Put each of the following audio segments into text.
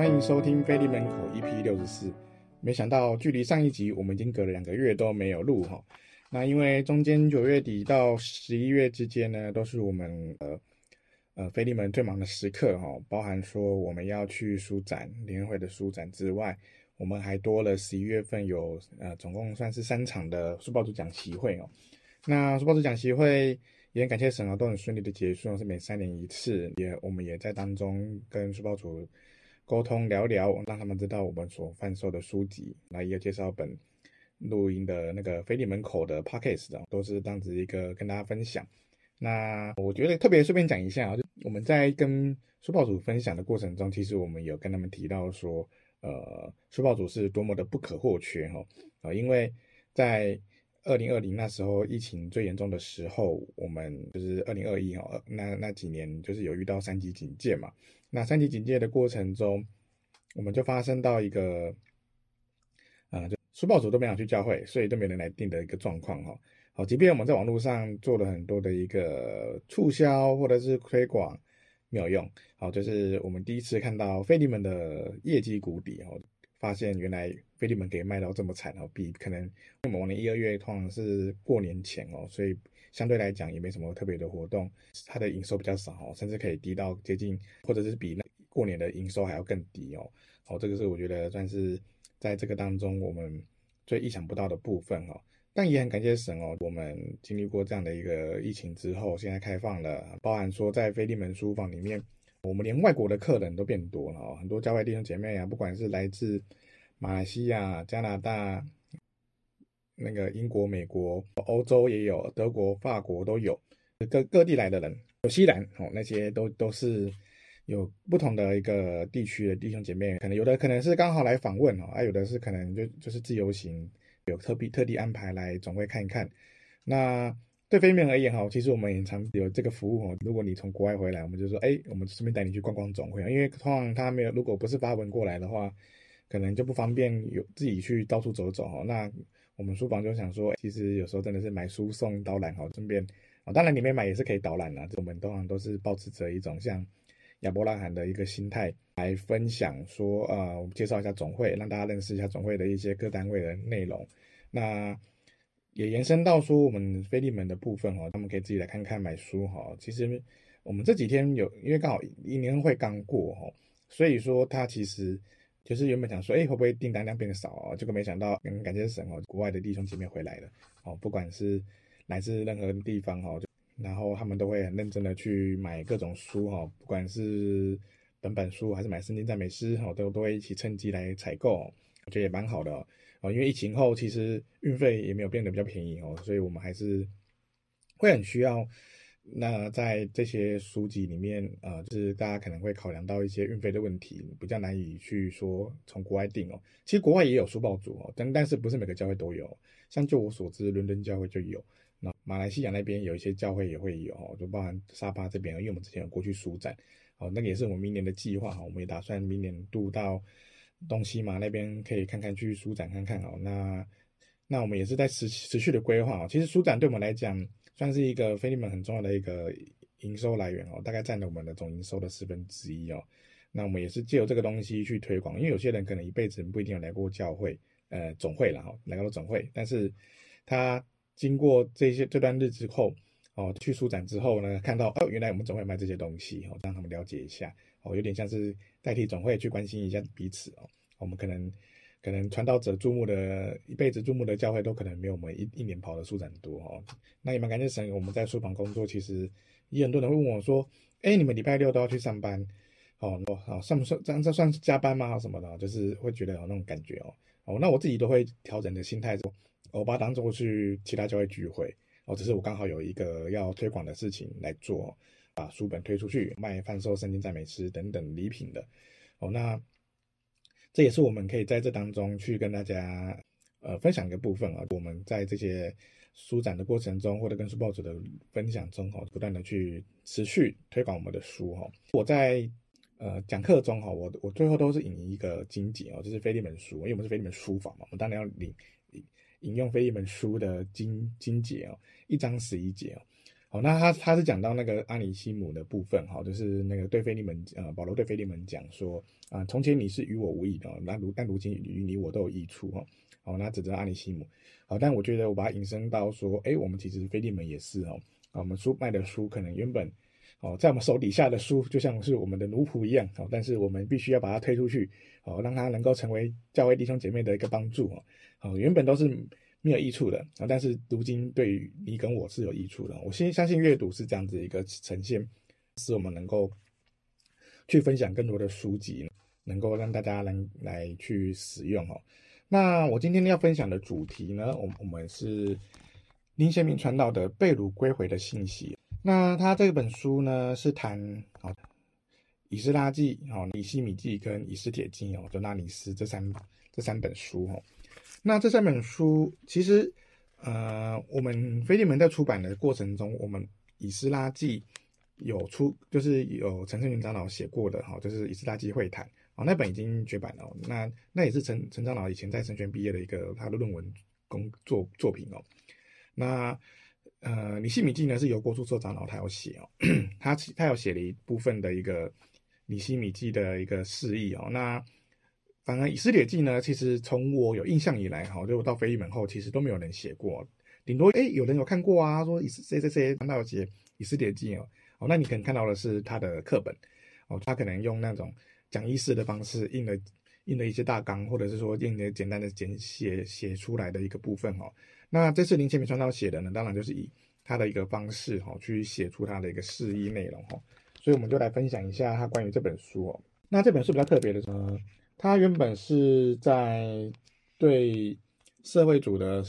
歡迎收聽腓利門口 EP 六十四。沒想到距離上一集我們已經隔了兩個月都沒有錄哈。那因為中間九月底到十一月之間呢，都是我們呃呃腓利門最忙的時刻哈，包含說我們要去書展聯會的書展之外，我們還多了十一月份有呃總共算是三場的書報主講席會哦。那書報主講席會也很感謝神啊，都很順利的結束，是每三年一次，也我們也在當中跟書報主。溝通聊聊，讓他們知道我們所販售的書籍。那也有介紹本錄音的那個腓利門口的 Podcast，都是這樣子一個跟大家分享。那我覺得特別順便講一下啊，就我們在跟書報組分享的過程中，其實我們有跟他們提到說，呃，書報組是多麼的不可或缺哈、呃。因為在二零二零那時候疫情最嚴重的時候，我們就是二零二一哈，那那幾年就是有遇到三級警戒嘛。那三級警戒的過程中，我們就發生到一個，啊、嗯，就書報組都沒有去教會，所以都沒人來訂的一個狀況哈。好，即便我們在網絡上做了很多的一個促銷或者是推廣，沒有用。好，這、就是我們第一次看到腓利門的業績谷底哦，發現原來腓利門給賣到這麼慘哦，比可能我們往年一、二月通常是過年前哦，所以。相對來講也沒什麼特別的活動，它的營收比較少，甚至可以低到接近，或者是比那過年的營收還要更低哦。哦，這個是我覺得算是在這個當中我們最意想不到的部分哦，但也很感謝神哦，我們經歷過這樣的一個疫情之後，現在開放了，包含說在腓利門書房裡面，我們連外國的客人都變多了哦，很多家外弟兄姐妹啊，不管是來自馬來西亞、加拿大。那個英國、美國、歐洲也有，德國、法國都有，各各地來的人，有新西蘭哦，那些都都是有不同的一個地區的弟兄姐妹，可能有的可能是剛好來訪問哦，啊，有的是可能就就是自由行，有特地特地安排來總會看一看。那對非面人而言哈，其實我們也常有這個服務哦。如果你從國外回來，我們就說哎，我們順便帶你去逛逛總會啊，因為通常他沒有，如果不是發文過來的話，可能就不方便有自己去到處走走哦，那。我們書房就想說，其實有時候真的是買書送導覽好，順便啊，當然裡面買也是可以導覽啦、啊。我們通常都是抱持着一種像亞伯拉罕的一個心態來分享說，啊、呃，我們介紹一下總會，讓大家認識一下總會的一些各單位的內容。那也延伸到說我們腓利門的部分哦，他們可以自己來看看買書哈、哦。其實我們這幾天有，因為剛好一年會剛過哦，所以說它其實。就是原本想說，哎、欸，會不會訂單量變得少哦，結果沒想到，嗯、感謝神哦，國外的弟兄姐妹回來了哦，不管是來自任何地方哦，然後他們都會很認真的去買各種書哈、哦，不管是本本書還是買聖經讚美詩哦，都都會一起趁機來採購，我覺得也蠻好的哦,哦，因為疫情後其實運費也沒有變得比較便宜哦，所以我們還是會很需要。那在這些書籍裡面，呃，就是大家可能會考量到一些運費的問題，比較難以去說從國外訂哦。其實國外也有書報組哦，但但是不是每個教會都有。像就我所知，倫敦教會就有。那馬來西亞那邊有一些教會也會有哦，就包含沙巴這邊，因為我們之前有過去書展，哦，那個也是我們明年的計劃哈。我們也打算明年度到東西馬那邊可以看看去書展看看哦。那。那我們也是在持持續的規劃哦。其實書展對我們來講算是一個腓利門很重要的一個營收來源哦，大概佔了我們的總營收的十分之一哦。那我們也是借由這個東西去推廣，因為有些人可能一輩子不一定有來過教會，呃，總會啦，來過總會，但是他經過這些這段日子之後哦，去書展之後呢，看到哦，原來我們總會賣這些東西哦，讓他們了解一下哦，有點像是代替總會去關心一下彼此哦，我們可能。可能傳道者注目的，一輩子注目的教會都可能沒有我們一一年跑的書展很多哦。那也蠻感謝神，我們在書房工作，其實也很多人會問我說：“哎、欸，你們禮拜六都要去上班，哦，好，算不算這這算加班嗎？什麼的，就是會覺得有那種感覺哦。哦，那我自己都會調整的心態，說我把它當作去其他教會聚會哦，只是我剛好有一個要推廣的事情來做，把書本推出去賣售，販售聖經、讚美詩等等禮品的哦。那。這也是我們可以在這當中去跟大家，呃，分享一個部分啊、哦。我們在這些書展的過程中，或者跟書報紙的分享中、哦，哈，不斷的去持續推廣我們的書、哦，哈。我在呃講課中、哦，哈，我我最後都是引用一個經節哦，這、就是腓利門書，因為我們是腓利門書房嘛，我們當然要引引引用腓利門書的經經節哦，一章十一節哦。好，那他他是講到那個阿尼西母的部分、哦，哈，就是那個對腓利門，呃，保羅對腓利門講說。啊，從前你是與我無益的，那如但如今與你我都有益處哦，那指著阿尼西姆，好，但我覺得我把它引申到說，誒，我們其實腓利門也是哦，啊，我們書賣的書可能原本，哦，在我們手底下的書就像是我們的奴僕一樣，哦，但是我們必須要把它推出去，哦，讓它能夠成為教會弟兄姐妹的一個幫助，哦，原本都是沒有益處的，啊，但是如今對於你跟我是有益處的，我先相信閱讀是這樣子一個呈現，使我們能夠。去分享更多的書籍，能夠讓大家能來，來去使用哦。那我今天要分享的主題呢，我我們是林賢明傳道的《被擄歸回》的信息。那他這本書呢，是談《哈、哦、以斯拉記》哦、《哈尼希米記》跟《以斯帖記哦，就《那尼斯》這三這三本書哦。那這三本書其實，呃，我們腓利門在出版的過程中，我們《以斯拉記》。有出就是有陳春群長老寫過的哈，就是《以斯拉記》會談啊，那本已經絕版了。那那也是陳陳長老以前在神學畢業的一個他的論文工作作品哦。那呃，《尼希米記》呢是由郭柱做長老他有寫哦，他他有寫了一部分的一個《尼希米記》的一個釋義哦。那反而《以斯帖記》呢，其實從我有印象以來哈，就到腓利門後，其實都沒有人寫過，頂多哎、欸，有人有看過啊，說以誰誰誰看到寫《以斯帖記》哦。哦，那你可能看到的是他的課本，哦，他可能用那種講義式的方式印了印了一些大綱，或者是說印了簡單的簡寫寫，寫出來的一個部分，哦。那這次林賢明傳道寫的呢，當然就是以他的一個方式，哈、哦，去寫出他的一個釋義內容，哈、哦。所以我們就來分享一下他關於這本書。哦，那這本書比較特別的是，他原本是在對社會組的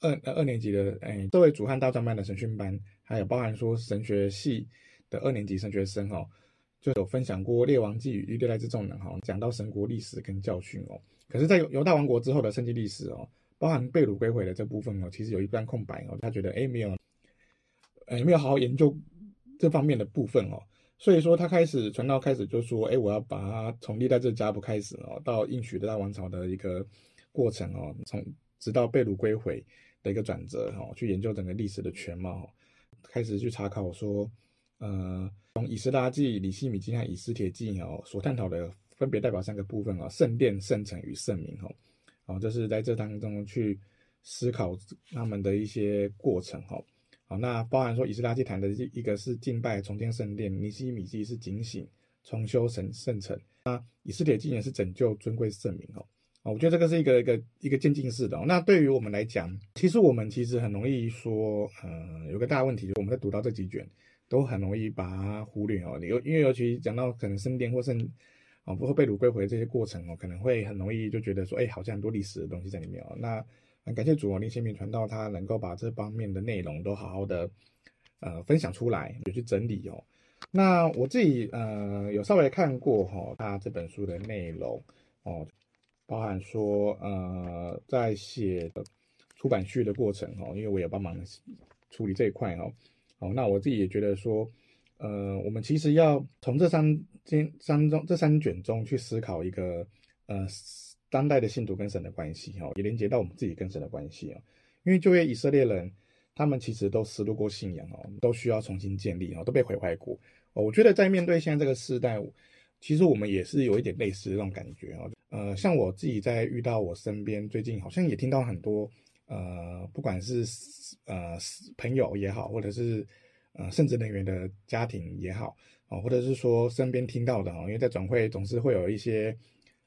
二二年級的，哎，社會組和大專班的審訊班。還有包含說神學系的二年級神學生哦，就有分享過《列王記》與歷代志眾人哈，講到神國歷史跟教訓哦。可是，在猶大王國之後的聖經歷史哦，包含被擄歸回，回的這部分哦，其實有一段空白哦。他覺得哎，沒有，哎，沒有好好研究這方面的部分哦。所以說，他開始傳道，開始就說哎，我要把它從歷代志家譜開始哦，到應許的大王朝的一個過程哦，從直到被擄歸回，回的一個轉折哦，去研究整個歷史的全貌哦。開始去查考，說，呃，從以斯拉記、尼希米記和以斯帖記哦，所探討的分別代表三個部分哦：聖殿、聖城與聖名哦。好，這是在這當中去思考他們的一些過程哈。好、哦，那包含說，以斯拉記談的一個是敬拜重建聖殿，尼希米記是警醒重修神聖城，那以斯帖記也是拯救尊貴聖名哦。哦、我覺得這個是一個一個一個漸進式的、哦。那對於我們來講，其實我們其實很容易說，呃，有個大問題，就我們在讀到這幾卷，都很容易把它忽略哦。尤因為尤其講到可能升殿或是啊，會、哦、被擄歸回的這些過程哦，可能會很容易就覺得說，哎，好像很多歷史的東西在裡面哦。那很感謝主啊，林賢明傳道他能夠把這方面的內容都好好的呃分享出來，有去整理哦。那我自己呃有稍微看過、哦、他這本書的內容哦。包含說，呃，在寫出版序的過程哦，因為我也幫忙處理這一塊哦。好，那我自己也覺得說，呃，我們其實要從這三經當中這三卷中去思考一個，呃，當代的信徒跟神的關係哦，也連接到我們自己跟神的關係哦。因為就業以色列人，他們其實都失落過信仰哦，都需要重新建立哦，都被毀壞過哦。我覺得在面對現在這個時代。其實我們也是有一點類似的這種感覺啊、哦，呃，像我自己在遇到我身邊，最近好像也聽到很多，呃，不管是呃朋友也好，或者是呃甚至人員的家庭也好，哦，或者是說身邊聽到的啊，因為在轉會總是會有一些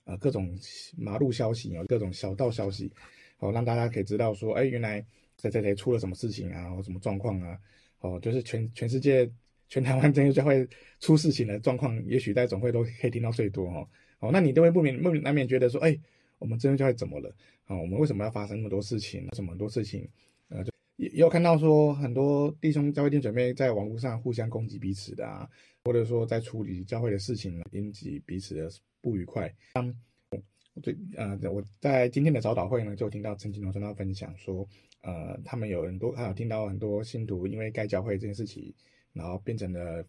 呃各種馬路消息啊，有各種小道消息，好、哦，讓大家可以知道說，哎，原來誰誰誰出了什麼事情啊，或、哦、什麼狀況啊，哦，就是全全世界全台灣真耶穌教會出事情的狀況，也許在總會都可以聽到最多哈、哦哦。那你都會不免不免難免覺得說，哎、欸，我們真耶穌會怎麼了？啊、哦，我們為什麼要發生那麼多事情？什麼很多事情？呃，也也有看到說，很多弟兄教會天準備在網路上互相攻擊彼此的啊，或者說在處理教會的事情呢，引起彼此的不愉快。當、嗯我，呃、我在今天的早禱會呢，就聽到陳金龍傳他分享說，呃，他們有很多，還有聽到很多信徒因為該教會這件事情。然後變成了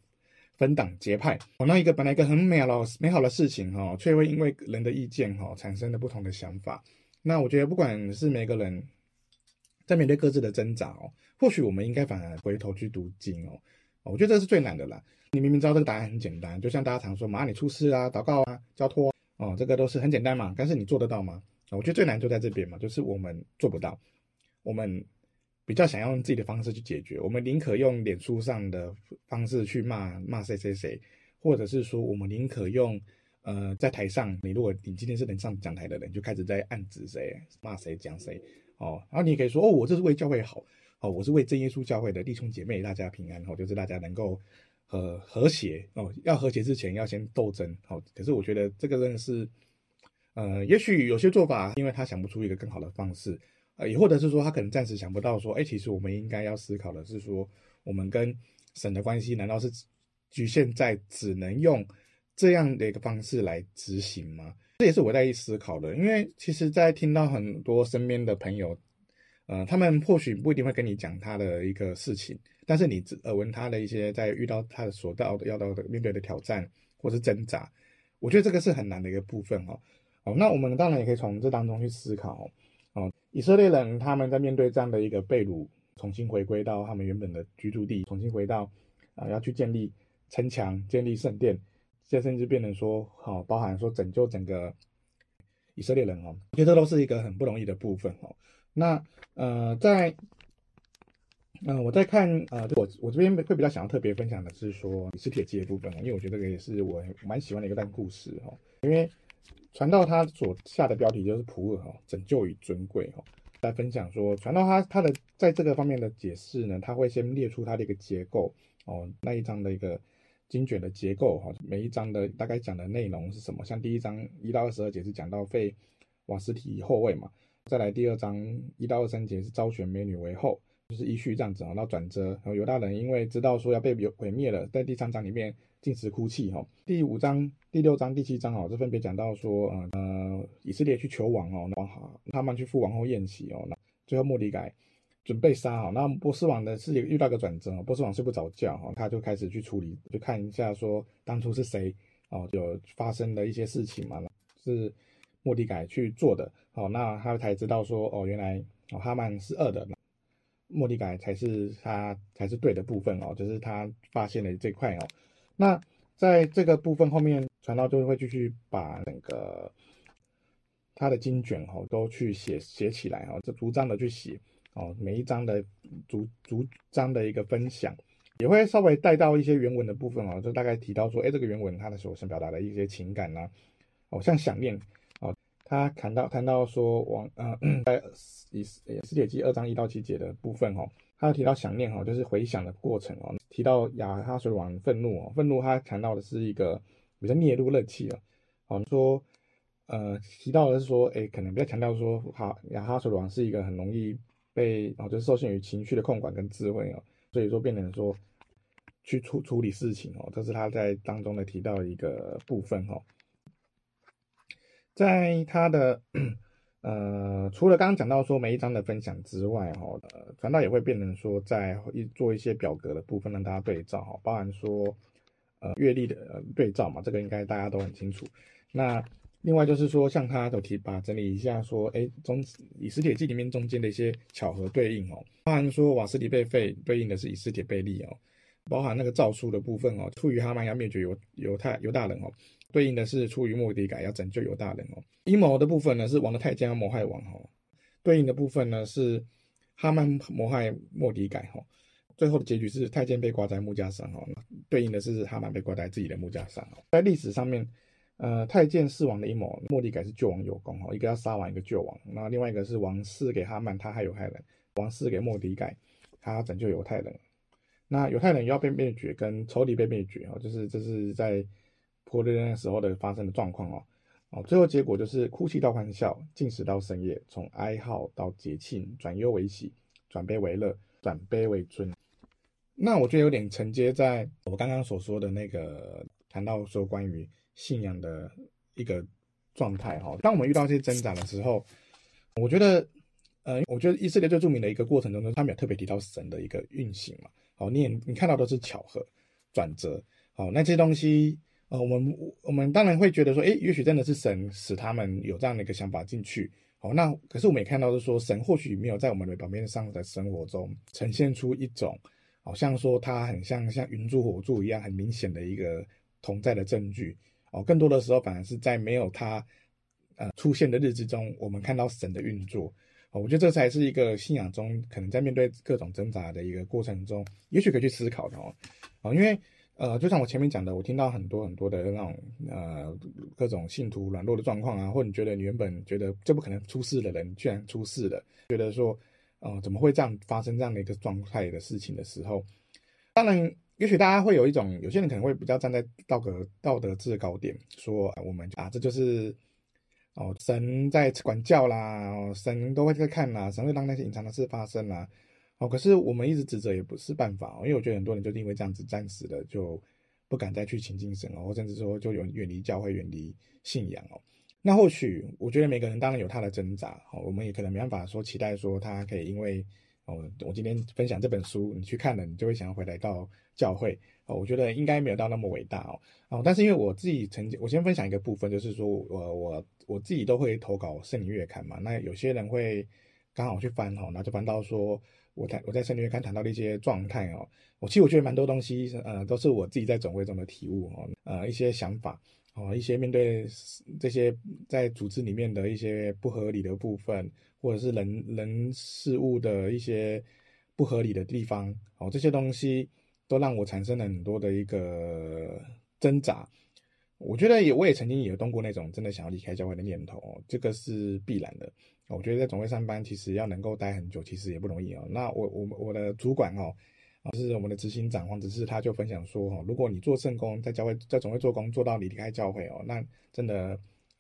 分黨結派哦，那一個本來一個很美好美好的事情哈、哦，卻會因為人的意見哈、哦，產生了不同的想法。那我覺得不管是每個人在面對各自的掙扎哦，或許我們應該反而回頭去讀經哦。哦，我覺得這是最難的啦。你明明知道這個答案很簡單，就像大家常說，瑪、啊、裡出事啊，禱告啊，交托、啊、哦，這個都是很簡單嘛。但是你做得到嗎、哦？我覺得最難就在這邊嘛，就是我們做不到，我們。比較想要用自己的方式去解決，我們寧可用臉書上的方式去罵罵誰誰誰，或者是說我們寧可用呃在台上，你如果你今天是能上講台的人，就開始在暗指誰罵誰講誰哦，然後你也可以說哦，我這是為教會好哦，我是為真耶穌教會的弟兄姐妹大家平安哦，就是大家能夠呃和諧哦，要和諧之前要先鬥爭哦，可是我覺得這個真的是呃也許有些做法，因為他想不出一個更好的方式。呃，也或者是說，他可能暫時想不到說，哎，其實我們應該要思考的是說，我們跟神的關係，難道是局限在只能用這樣的一個方式來執行嗎？這也是我在意思考的，因為其實，在聽到很多身邊的朋友，呃，他們或許不一定會跟你講他的一個事情，但是你耳聞他的一些在遇到他的所到的、要到的面對的挑戰或是掙扎，我覺得這個是很難的一個部分哦，好，那我們當然也可以從這當中去思考。哦，以色列人他們在面對這樣的一個被擄，重新回歸到他們原本的居住地，重新回到，啊、呃，要去建立城牆、建立聖殿，甚至甚至變成說，哈、哦，包含說拯救整個以色列人哦，我覺得這都是一個很不容易的部分哦。那，呃，在，嗯、呃，我在看，呃，我我這邊會比較想要特別分享的是說，以斯帖記的部分、哦，因為我覺得這個也是我蠻喜歡的一個段故事哈、哦，因為。傳道他所下的標題就是普珥哈，拯救與尊貴哈，來分享說，傳道他他的在這個方面的解釋呢，他會先列出他的一個結構哦，那一章的一個經卷的結構哈，每一章的大概講的內容是什麼？像第一章一到二十二節是講到廢瓦實提後位嘛，再來第二章一到二三節是招選美女為後。就是依序這樣子啊，然後轉折，然後猶大人因為知道說要被毀滅了，在第三章裡面禁食哭泣哈。第五章、第六章、第七章哦，就分別講到說呃、嗯、呃，以色列去求王哦，王哈哈曼去赴王后宴席哦，那最後莫迪改準備殺哦。那波斯王的是遇到一個轉折，波斯王睡不着覺哈，他就開始去處理，就看一下說當初是誰哦有發生的一些事情嘛，是莫迪改去做的哦，那他才知道說哦，原來哦哈曼是惡的。莫莉感才是他才是對的部分哦，就是他發現的這塊哦。那在這個部分後面，傳道就會繼續把那個他的經卷哦都去寫寫起來哦，這逐章的去寫哦，每一章的逐逐章的一個分享，也會稍微帶到一些原文的部分哦，就大概提到說，哎、欸，這個原文他的所想表達的一些情感呢、啊，哦，像想念。他談到談到說王、嗯、呃在以斯帖記二章一到七節的部分哦，他提到想念哈、哦，就是回想的過程哦。提到亞哈隨魯王憤怒哦，憤怒他談到的是一個比較滅怒熱氣了。好、哦，說呃提到的是說，哎、欸，可能比較強調說，哈亞哈隨魯王是一個很容易被哦，就是受限於情緒的控管跟智慧哦，所以說變成說去處處理事情哦，這、就是他在當中的提到一個部分哈。哦在他的呃，除了剛剛講到說每一章的分享之外，哈，呃，傳道也會變成說在一做一些表格的部分讓大家對照，哈，包含說呃閱歷的、呃、對照嘛，這個應該大家都很清楚。那另外就是說，像他的提把整理一下說，哎，從《以斯帖記》裡面中間的一些巧合對應，哦，包含說瓦實提被廢對應的是以斯帖被立哦，包含那個詔書的部分哦，出於哈曼要滅絕猶猶太猶大人哦。對應的是出於莫迪改要拯救猶大人哦，陰謀的部分呢是王的太監要謀害王哦，對應的部分呢是哈曼謀害莫迪改哦，最後的結局是太監被掛在木架上哦，對應的是哈曼被掛在自己的木架上哦，在歷史上面，呃，太監弒王的陰謀，莫迪改是救王有功哦，一個要殺王，一個救王，那另外一個是王室給哈曼他害猶太人，王室給莫迪改他要拯救猶太人，那猶太人要被滅絕跟仇敵被滅絕哦，就是這是在。被擄那時候的發生的狀況哦哦，最後結果就是哭泣到歡笑，進食到深夜，從哀號到節慶，轉憂為喜，轉悲為樂，轉卑為尊。那我覺得有點承接在我剛剛所說的那個談到說關於信仰的一個狀態哈。當我們遇到這些掙扎的時候，我覺得呃，我覺得以色列最著名的一個過程中呢，他們有特別提到神的一個運行嘛。好、哦，你也你看到都是巧合轉折，好、哦、那這些東西。呃，我們我們當然會覺得說，誒，也許真的是神使他們有這樣的一個想法進去，好、哦，那可是我們也看到是說，神或許沒有在我們的表面上的生活中呈現出一種，好、哦、像說他很像像雲柱火柱一樣很明顯的一個同在的證據，哦，更多的時候反而是在沒有他，呃，出現的日子中，我們看到神的運作，哦，我覺得這才是一個信仰中可能在面對各種掙扎的一個過程中，也許可以去思考的哦，啊、哦，因為。呃，就像我前面講的，我聽到很多很多的那種，呃，各種信徒軟弱的狀況啊，或你覺得你原本覺得這不可能出事的人，居然出事了，覺得說，呃，怎麼會這樣發生這樣的一個狀態的事情的時候，當然，也許大家會有一種，有些人可能會比較站在道德道德制高點，說、啊、我們啊，這就是，哦，神在管教啦，哦、神都會在看啦，神會讓那些隱藏的事發生啦。哦，可是我們一直指責也不是辦法，因為我覺得很多人就是因為這樣子，暫時的就不敢再去親近神哦，或甚至說就有遠離教會、遠離信仰哦。那或許我覺得每個人當然有他的掙扎，我們也可能沒辦法說期待說他可以因為哦，我今天分享這本書，你去看了，你就會想要回來到教會哦。我覺得應該沒有到那麼偉大哦，但是因為我自己曾經，我先分享一個部分，就是說我我我自己都會投稿《聖靈月刊》嘛，那有些人會剛好去翻哦，那就翻到說。我談我在裡面剛談到的一些狀態哦，我其實我覺得蠻多東西，呃，都是我自己在總會中的體悟哦，呃，一些想法哦，一些面對這些在組織裡面的一些不合理的部分，或者是人人事物的一些不合理的地方哦，這些東西都讓我產生了很多的一個掙扎。我覺得也，我也曾經有動過那種真的想要離開教會的念頭，哦，這個是必然的。我覺得在總會上班，其實要能夠待很久，其實也不容易哦。那我我我的主管哦，就是我們的執行長黃執事，他就分享說，哦，如果你做聖工在教會，在總會做工，做到你離開教會哦，那真的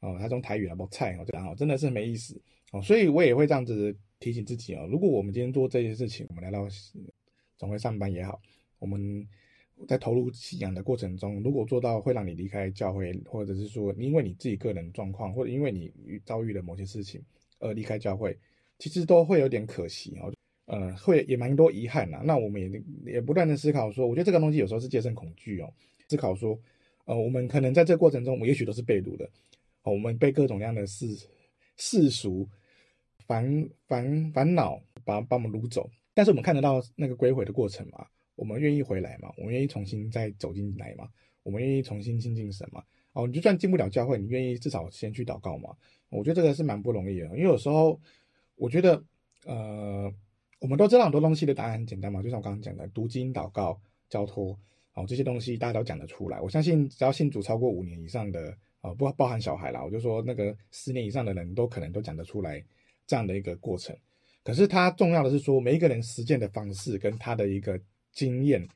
哦，他用台語來不好菜哦，然後真的是沒意思哦。所以我也會這樣子提醒自己哦，如果我們今天做這些事情，我們來到總會上班也好，我們。在投入信仰的過程中，如果做到會讓你離開教會，或者是說因為你自己個人狀況，或者因為你遭遇了某些事情而離開教會，其實都會有點可惜哦，呃，會也蠻多遺憾吶。那我們也也不斷的思考說，我覺得這個東西有時候是戰勝恐懼哦、喔。思考說，呃，我們可能在這個過程中，我們也許都是被擄的，我們被各種各樣的世世俗煩煩煩惱把把我們擄走，但是我們看得到那個歸回的過程嘛。我們願意回來嗎？我們願意重新再走進來嗎？我們願意重新親近神嘛，哦，你就算進不了教會，你願意至少先去禱告嗎？我覺得這個是蠻不容易的，因為有時候我覺得，呃，我們都知道很多東西的答案很簡單嘛，就像我剛剛講的，讀經、禱告、交托哦，這些東西大家都講得出來。我相信只要信主超過五年以上的，哦、呃，不包含小孩啦，我就說那個十年以上的人都可能都講得出來這樣的一個過程。可是它重要的是說，每一個人實踐的方式跟他的一個。經驗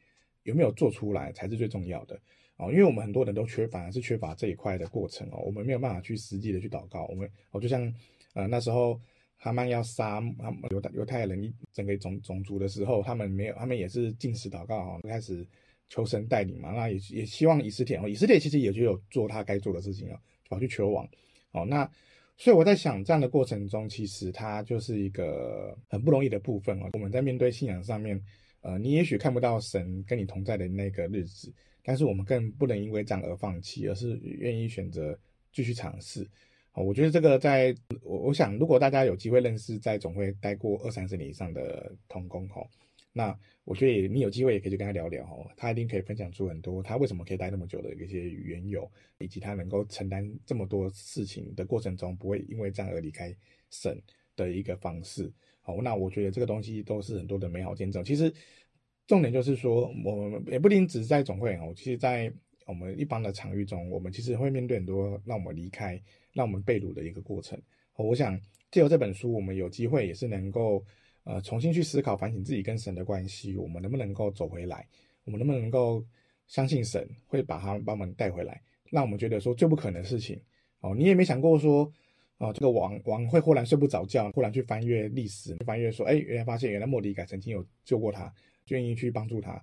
有沒有做出來才是最重要的啊、哦！因為我們很多人都缺乏，是缺乏這一塊的過程、哦、我們沒有辦法去實際的去禱告，我們、哦、就像呃那時候哈曼要殺哈猶太猶太人一整個種種族的時候，他們沒有，他們也是進食禱告啊、哦，開始求神帶領嘛，那也也希望以斯帖哦，以斯帖其實也就有做他該做的事情啊，跑、哦、去求王哦。那所以我在想，這樣的過程中，其實它就是一個很不容易的部分哦，我們在面對信仰上面。呃，你也許看不到神跟你同在的那個日子，但是我們更不能因為這樣而放棄，而是願意選擇繼續嘗試。啊，我覺得這個在，在我我想，如果大家有機會認識在總會待過二三十年以上的同工吼，那我覺得也你有機會也可以去跟他聊聊哦，他一定可以分享出很多他為什麼可以待那麼久的一些緣由，以及他能夠承擔這麼多事情的過程中不會因為這樣而離開神的一個方式。那我覺得這個東西都是很多的美好見證。其實，重點就是說，我們也不僅只是在總會哦，其實在我們一般的場域中，我們其實會面對很多讓我們離開、讓我們被擄的一個過程。哦，我想借由這本書，我們有機會也是能夠呃重新去思考、反省自己跟神的關係，我們能不能夠走回來？我們能不能夠相信神會把他幫忙帶回來？讓我們覺得說最不可能的事情哦，你也沒想過說。啊，這個王王會忽然睡不着覺，忽然去翻閱歷史，翻閱說，哎，原來發現原來末底改曾經有救過他，就願意去幫助他，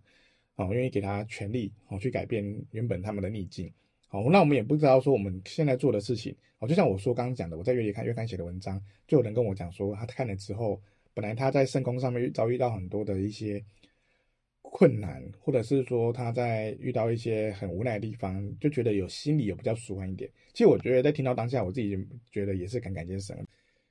哦，願意給他權力，啊，去改變原本他們的逆境，哦，那我們也不知道說我們現在做的事情，哦，就像我說剛剛講的，我在月刊月刊寫的文章，就有人跟我講說，他看了之後，本來他在聖工上面遭遇到很多的一些。困難，或者是說他在遇到一些很無奈的地方，就覺得有心裡，有比較舒緩一點。其實我覺得在聽到當下，我自己覺得也是感同身受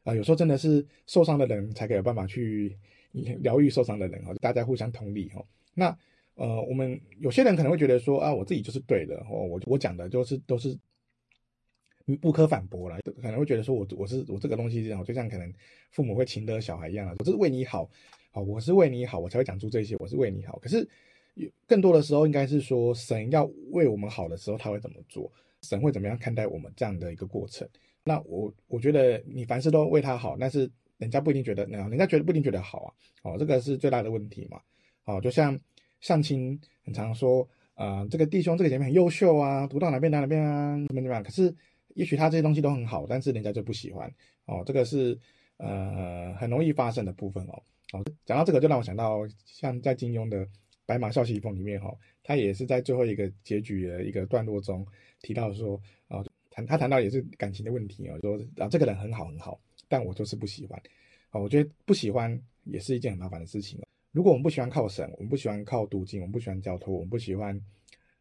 啊。有時候真的是受傷的人才可以有辦法去療癒受傷的人啊，大家互相同理哈。那呃，我們有些人可能會覺得說啊，我自己就是對的哦，我我講的都是都是。不可反駁了，可能會覺得說我我是我這個東西，這種就像可能父母會情勒小孩一樣，我這是為你好，好，我是為你好，我才會講出這些。我是為你好，可是有更多的時候，應該是說神要為我們好的時候，他會怎麼做？神會怎麼樣看待我們這樣的一個過程？那我我覺得你凡事都為他好，但是人家不一定覺得，那人家覺得不一定覺得好啊。哦，這個是最大的問題嘛。哦，就像相親很常說，啊、呃，這個弟兄這個姐妹很優秀啊，讀到哪邊到哪邊啊，怎麼怎麼樣？可是。也許他這些東西都很好，但是人家就不喜歡哦。這個是呃很容易發生的部分哦。哦，講到這個就讓我想到，像在金庸的《白馬嘯西風》裡面哈、哦，他也是在最後一個結局的一個段落中提到說啊，談、哦、他談到也是感情的問題、哦就是、說啊，說啊這個人很好很好，但我就是不喜歡。啊、哦，我覺得不喜歡也是一件很麻煩的事情。如果我們不喜歡靠神，我們不喜歡靠讀經，我們不喜歡交託，我們不喜歡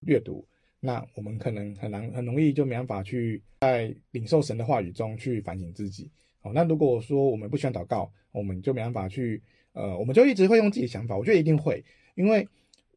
閱讀。那我們可能很難，很容易就沒辦法去在領受神的話語中去反省自己。哦，那如果說我們不喜歡禱告，我們就沒辦法去，呃，我們就一直會用自己的想法。我覺得一定會，因為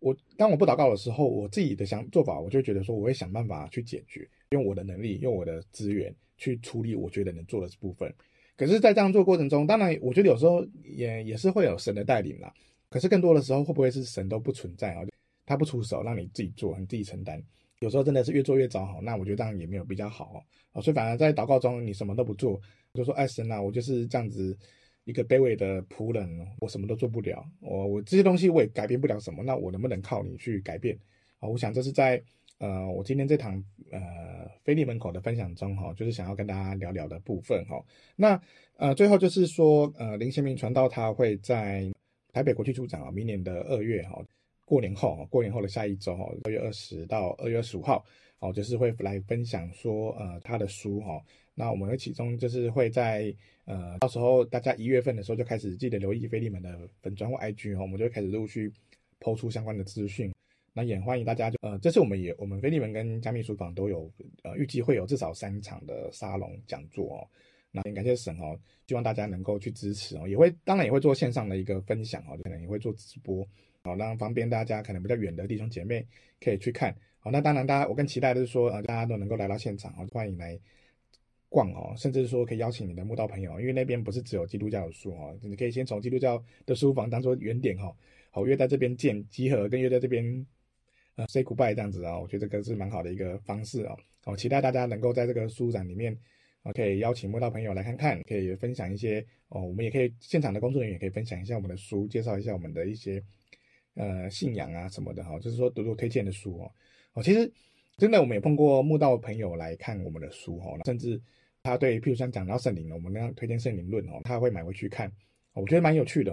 我當我不禱告的時候，我自己的想做法，我就覺得說我會想辦法去解決，用我的能力，用我的資源去處理我覺得能做的這部分。可是，在這樣做過程中，當然我覺得有時候也也是會有神的帶領啦，可是更多的時候，會不會是神都不存在啊？他不出手，讓你自己做，你自己承擔。有時候真的是越做越糟，哈，那我覺得這樣也沒有比較好，好，所以反而在禱告中，你什麼都不做，就說唉神吶，啊，我就是這樣子一個卑微的僕人，我什麼都做不了，我我這些東西我也改變不了什麼，那我能不能靠你去改變？啊，我想這是在呃，我今天這堂呃腓利門口的分享中，哈，哦，就是想要跟大家聊聊的部分，哈，哦，那呃最後就是說，呃林賢明傳道他會在台北國區主掌啊，明年的二月，哈，哦。過年後，過年後的下一周，哦，二月二十到二月二十五號，哦，就是會來分享說，呃，他的書，哈。那我們其中就是會在，呃，到時候大家一月份的時候就開始記得留意腓利門的粉專或 IG，我們就會開始陸續拋出相關的資訊。那也歡迎大家，就，呃，這次我們也，我們腓利門跟加密書房都有，呃，預計會有至少三場的沙龍講座哦。那也感謝神哦，希望大家能夠去支持哦，也會，當然也會做線上的一個分享哦，可能也會做直播。好，那方便大家可能比較遠的弟兄姐妹可以去看。好，那當然，大家我更期待的是說，大家都能夠來到現場，歡迎來逛哦，甚至說可以邀請你的慕道朋友，因為那邊不是只有基督教有書哦，你可以先從基督教的書房當做原點哈，好約在這邊見，集合跟約在這邊呃 say goodbye 這樣子啊，我覺得這個是蠻好的一個方式哦。好，期待大家能夠在這個書展裡面，可以邀請慕道朋友來看看，可以分享一些哦，我們也可以現場的工作人員也可以分享一下我們的書，介紹一下我們的一些。呃，信仰啊什麼的哈，就是說讀讀推薦的書哦哦，其實真的我們也碰過慕道朋友來看我們的書哦，甚至他對譬如像講到聖靈了，我們跟他推薦《聖靈論》哦，他會買回去看，我覺得蠻有趣的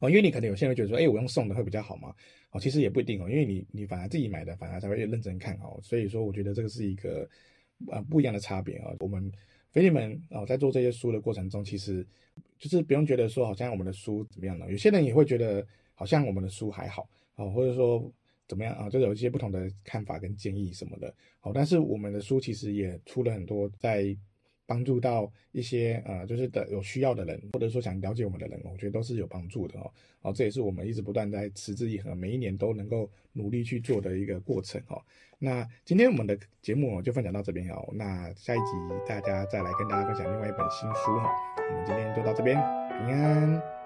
哦。因為你可能有些人會覺得說，哎、欸，我用送的會比較好嘛。哦，其實也不一定哦，因為你你反而自己買的，反而才會認真看哦。所以說，我覺得這個是一個啊、呃、不一樣的差別啊、哦。我們腓利門哦，在做這些書的過程中，其實就是不用覺得說，好像我們的書怎麼樣的，有些人也會覺得。好像我們的書還好，或者說怎麼樣啊，就是有一些不同的看法跟建議什麼的，好，但是我們的書其實也出了很多，在幫助到一些啊，就是的有需要的人，或者說想了解我們的人，我覺得都是有幫助的哦，好，這也是我們一直不斷在持之以恆，每一年都能夠努力去做的一個過程哦。那今天我們的節目就分享到這邊哦，那下一集大家再來跟大家分享另外一本新書哈，我們今天就到這邊，平安。